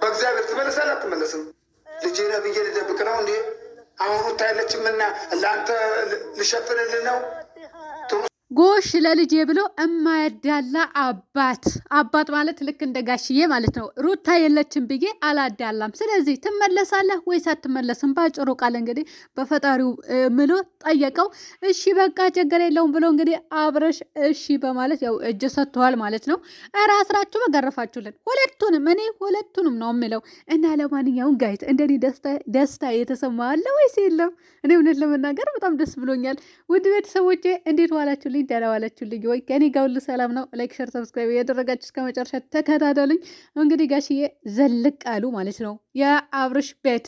በእግዚአብሔር ትመለስ አትመለስም? ልጄ ነህ ብዬ ልደብቅ ነው እንዴ? አሁኑ ታያለችምና ለአንተ ልሸፍንልህ ነው ጎሽ ለልጄ ብሎ እማያዳላ አባት አባት ማለት ልክ እንደ ጋሽዬ ማለት ነው። ሩታ የለችም ብዬ አላዳላም። ስለዚህ ትመለሳለህ ወይስ አትመለስም? ባጭሩ ቃል እንግዲህ በፈጣሪው ምሎ ጠየቀው። እሺ በቃ ችግር የለውም ብሎ እንግዲህ አብረሽ እሺ በማለት ያው እጅ ሰጥተዋል ማለት ነው። ራስራችሁ በገረፋችሁልን ሁለቱንም፣ እኔ ሁለቱንም ነው የምለው እና ለማንኛውም ጋይት እንደኔ ደስታ የተሰማ አለ ወይስ የለም? እኔ እውነት ለመናገር በጣም ደስ ብሎኛል። ውድ ቤተሰቦቼ እንዴት ዋላችሁ? እንግዲህ ደህና ዋላችሁ ወይ ከኔ ጋር ሁሉ ሰላም ነው። ላይክ ሸር፣ ሰብስክራይብ እያደረጋችሁ እስከ መጨረሻ ተከታተሉኝ። እንግዲህ ጋሽዬ ዘልቅ አሉ ማለት ነው የአብርሽ ቤት።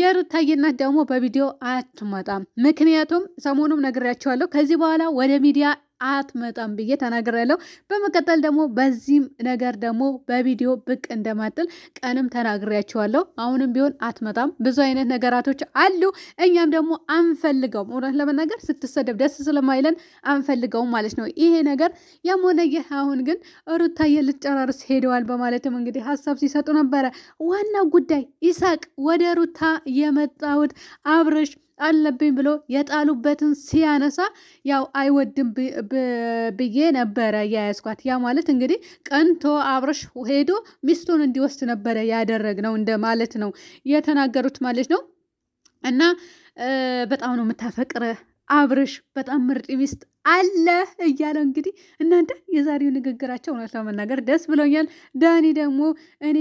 የሩታዬ እናት ደግሞ በቪዲዮ አትመጣም። ምክንያቱም ሰሞኑም ነግሬያቸዋለሁ ከዚህ በኋላ ወደ ሚዲያ አትመጣም ብዬ ተናግሬያለሁ። በመቀጠል ደግሞ በዚህም ነገር ደግሞ በቪዲዮ ብቅ እንደማጥል ቀንም ተናግሬያቸዋለሁ። አሁንም ቢሆን አትመጣም። ብዙ አይነት ነገራቶች አሉ። እኛም ደግሞ አንፈልገውም። እውነት ለመናገር ስትሰደብ ደስ ስለማይለን አንፈልገውም ማለት ነው ይሄ ነገር። ያም ሆነ ይህ አሁን ግን ሩታዬ ልትጨራርስ ሄደዋል በማለትም እንግዲህ ሀሳብ ሲሰጡ ነበረ። ዋናው ጉዳይ ይሳቅ ወደ ሩታ የመጣሁት አብረሽ አለብኝ ብሎ የጣሉበትን ሲያነሳ ያው አይወድም ብዬ ነበረ ያያዝኳት። ያ ማለት እንግዲህ ቀንቶ አብረሽ ሄዶ ሚስቱን እንዲወስድ ነበረ ነው እንደ ማለት ነው የተናገሩት ማለት ነው እና በጣም ነው የምታፈቅረ አብርሽ በጣም ምርጥ ሚስት አለ እያለው እንግዲህ እናንተ የዛሬው ንግግራቸው እውነት ለመናገር ደስ ብሎኛል። ዳኒ ደግሞ እኔ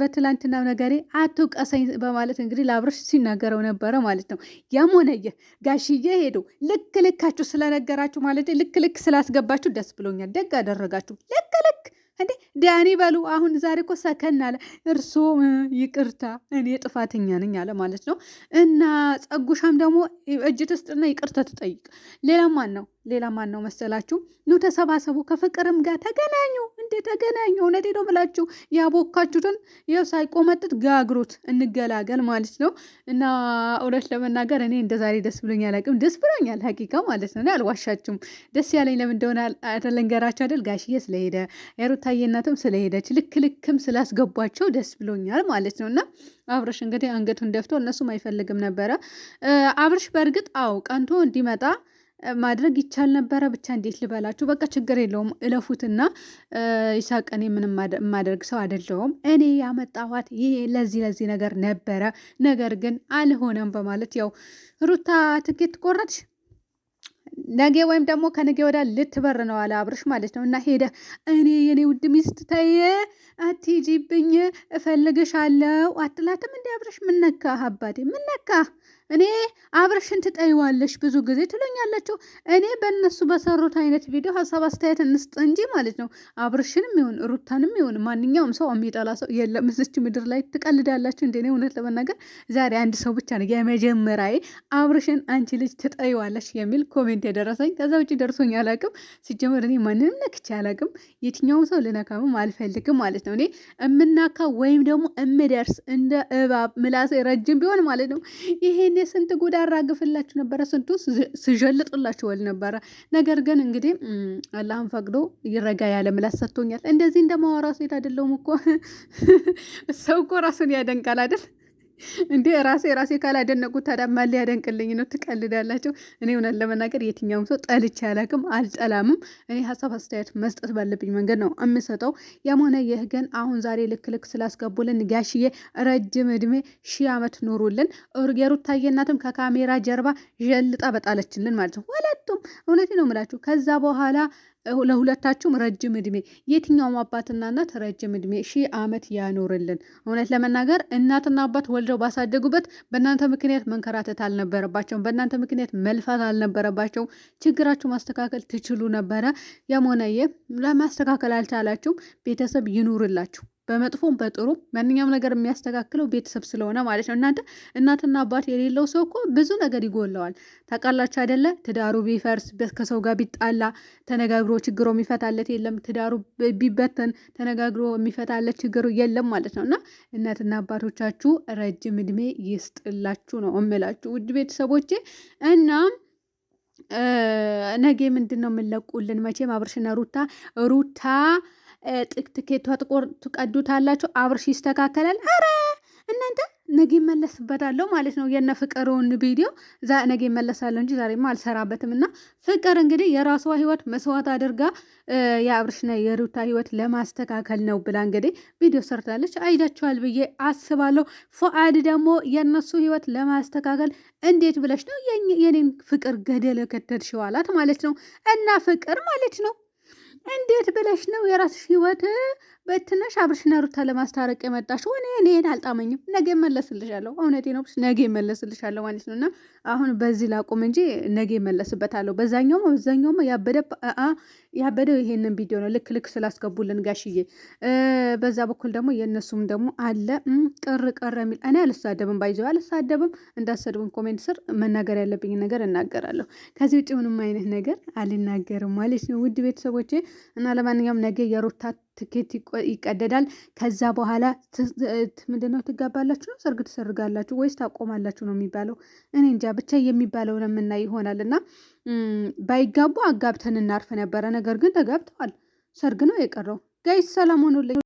በትላንትናው ነገሬ አትውቀሰኝ በማለት እንግዲህ ለአብርሽ ሲናገረው ነበረ ማለት ነው። ያም ሆነየ ጋሽዬ ሄዶ ልክ ልካችሁ ስለነገራችሁ ማለት ልክ ልክ ስላስገባችሁ ደስ ብሎኛል። ደግ አደረጋችሁ ልክ ዳኒ በሉ አሁን ዛሬ እኮ ሰከን አለ። እርሶ ይቅርታ እኔ ጥፋተኛ ነኝ አለ ማለት ነው። እና ጸጉሻም ደግሞ እጅ ትስጥና ይቅርታ ትጠይቅ። ሌላ ማን ነው? ሌላ ማን ነው መሰላችሁ? ኑ ተሰባሰቡ፣ ከፍቅርም ጋር ተገናኙ። እንዴ ተገናኙ! እውነቴ ነው ብላችሁ ያቦካችሁትን ያው ሳይቆመጥት ጋግሩት፣ እንገላገል ማለት ነው። እና እውነት ለመናገር እኔ እንደ ዛሬ ደስ ብሎኛል አላውቅም። ደስ ብሎኛል ሀቂቃ ማለት ነው። አልዋሻችሁም። ደስ ያለኝ ለምን እንደሆነ አደለንገራቸው አደል? ጋሽዬ ስለሄደ የሩታዬ እናትም ስለሄደች ልክ ልክም ስላስገቧቸው ደስ ብሎኛል ማለት ነው እና አብርሽ እንግዲህ አንገቱን ደፍቶ እነሱም አይፈልግም ነበረ አብርሽ በእርግጥ አው ቀንቶ እንዲመጣ ማድረግ ይቻል ነበረ። ብቻ እንዴት ልበላችሁ፣ በቃ ችግር የለውም እለፉትና፣ ይሳቀኔ ምንም የማደርግ ሰው አይደለሁም። እኔ ያመጣኋት ይሄ ለዚህ ለዚህ ነገር ነበረ፣ ነገር ግን አልሆነም በማለት ያው ሩታ ትኬት ቆረጥሽ ነገ ወይም ደግሞ ከነገ ወዳ ልትበር ነው አለ አብርሽ ማለት ነው። እና ሄደ እኔ የኔ ውድ ሚስት ተይ አትሂጂብኝ እፈልግሻለሁ አትላትም? እንዲ አብርሽ ምነካ አባቴ ምነካ እኔ አብርሽን ትጠይዋለሽ ብዙ ጊዜ ትሎኛላችሁ። እኔ በእነሱ በሰሩት አይነት ቪዲዮ ሀሳብ አስተያየት እንስጥ እንጂ ማለት ነው። አብርሽንም ይሁን ሩታንም ይሁን ማንኛውም ሰው የሚጠላ ሰው የለም እዚች ምድር ላይ። ትቀልዳላችሁ እንደ እኔ። እውነት ለመናገር ዛሬ አንድ ሰው ብቻ ነው የመጀመሪያዬ አብርሽን አንቺ ልጅ ትጠይዋለሽ የሚል ኮሜንት የደረሰኝ። ከዛ ውጭ ደርሶኝ አላቅም። ሲጀመር እኔ ማንንም ነክቼ አላቅም። የትኛውም ሰው ልነካምም አልፈልግም ማለት ነው። እኔ እምናካ ወይም ደግሞ እምደርስ እንደ እባብ ምላሴ ረጅም ቢሆን ማለት ነው ይሄን የስንት ጉድ አራግፍላችሁ ነበረ፣ ስንቱ ወል ነበረ። ነገር ግን እንግዲህ አላህን ፈቅዶ ይረጋ ያለ ምላስ ሰጥቶኛል። እንደዚህ እንደማወራ ሴት አይደለሁም እኮ ሰው እኮ ራሱን ያደንቃል አይደል? እንዴ ራሴ ራሴ ካላደነቁት ታዲያ ማን ሊያደንቅልኝ ነው? ትቀልዳላቸው። እኔ እውነት ለመናገር የትኛውም ሰው ጠልቼ አላውቅም፣ አልጠላምም። እኔ ሀሳብ አስተያየት መስጠት ባለብኝ መንገድ ነው የምሰጠው። ያም ሆነ ይህ ግን አሁን ዛሬ ልክ ልክ ስላስገቡልን ጋሽዬ ረጅም እድሜ ሺህ ዓመት ኖሩልን። የሩታዬ እናትም ከካሜራ ጀርባ ዠልጣ በጣለችልን ማለት ነው። ሁለቱም እውነቴ ነው የምላችሁ ከዛ በኋላ ለሁለታችሁም ረጅም እድሜ የትኛውም አባትና እናት ረጅም እድሜ ሺህ ዓመት ያኖርልን። እውነት ለመናገር እናትና አባት ወልደው ባሳደጉበት በእናንተ ምክንያት መንከራተት አልነበረባቸውም። በእናንተ ምክንያት መልፋት አልነበረባቸውም። ችግራችሁ ማስተካከል ትችሉ ነበረ። ያም ሆነ ይህ ለማስተካከል አልቻላችሁም። ቤተሰብ ይኑርላችሁ። በመጥፎም በጥሩ ማንኛውም ነገር የሚያስተካክለው ቤተሰብ ስለሆነ ማለት ነው። እናንተ እናትና አባት የሌለው ሰው እኮ ብዙ ነገር ይጎለዋል። ታውቃላችሁ አይደለ? ትዳሩ ቢፈርስ፣ ከሰው ጋር ቢጣላ ተነጋግሮ ችግሮ የሚፈታለት የለም። ትዳሩ ቢበተን ተነጋግሮ የሚፈታለት ችግሩ የለም ማለት ነው። እና እናትና አባቶቻችሁ ረጅም እድሜ ይስጥላችሁ ነው እምላችሁ ውድ ቤተሰቦቼ እና ነገ ምንድን ነው የምለቁልን? መቼም አብርሽና ሩታ ሩታ ትኬቷ ትቀዱታላችሁ፣ አብርሽ ይስተካከላል። አረ እናንተ ነገ መለስበታለሁ ማለት ነው። የነ ፍቅሩን ቪዲዮ ነገ ይመለሳለሁ እንጂ ዛሬማ አልሰራበትም። እና ፍቅር እንግዲህ የራሷ ህይወት መስዋዕት አድርጋ የአብርሽና የሩታ ህይወት ለማስተካከል ነው ብላ እንግዲህ ቪዲዮ ሰርታለች። አይዳችኋል ብዬ አስባለሁ። ፉአድ ደግሞ የነሱ ህይወት ለማስተካከል እንዴት ብለሽ ነው የኔን ፍቅር ገደለ ከተድሽው ማለት ነው። እና ፍቅር ማለት ነው እንዴት ብለሽ ነው የራስሽ ህይወት በትነሽ አብርሽና ሩታ ለማስታረቅ የመጣሽው? እኔ እኔን አልጣመኝም። ነገ መለስልሻለሁ። እውነቴ ነው፣ ነገ መለስልሻለሁ ማለት ነው። እና አሁን በዚህ ላቁም እንጂ ነገ መለስበታለሁ። በዛኛውም በዛኛውም ያበደ ያበደው ይሄንን ቪዲዮ ነው ልክ ልክ ስላስገቡልን ጋሽዬ። በዛ በኩል ደግሞ የእነሱም ደግሞ አለ ቅር ቀረ የሚል እኔ አልሳደብም፣ ባይዘው አልሳደብም። እንዳሰድብን ኮሜንት ስር መናገር ያለብኝ ነገር እናገራለሁ። ከዚህ ውጭ ምንም አይነት ነገር አልናገርም ማለት ነው ውድ ቤተሰቦቼ እና ለማንኛውም ነገ የሩታ ትኬት ይቀደዳል። ከዛ በኋላ ምንድነው ትጋባላችሁ ነው ሰርግ ትሰርጋላችሁ ወይስ ታቆማላችሁ ነው የሚባለው? እኔ እንጃ ብቻ ነው የምናይ ይሆናል። እና ባይጋቡ አጋብተን እናርፍ ነበረ። ነገር ግን ተጋብተዋል። ሰርግ ነው የቀረው። ጋይስ ሰላም ሆኖልኝ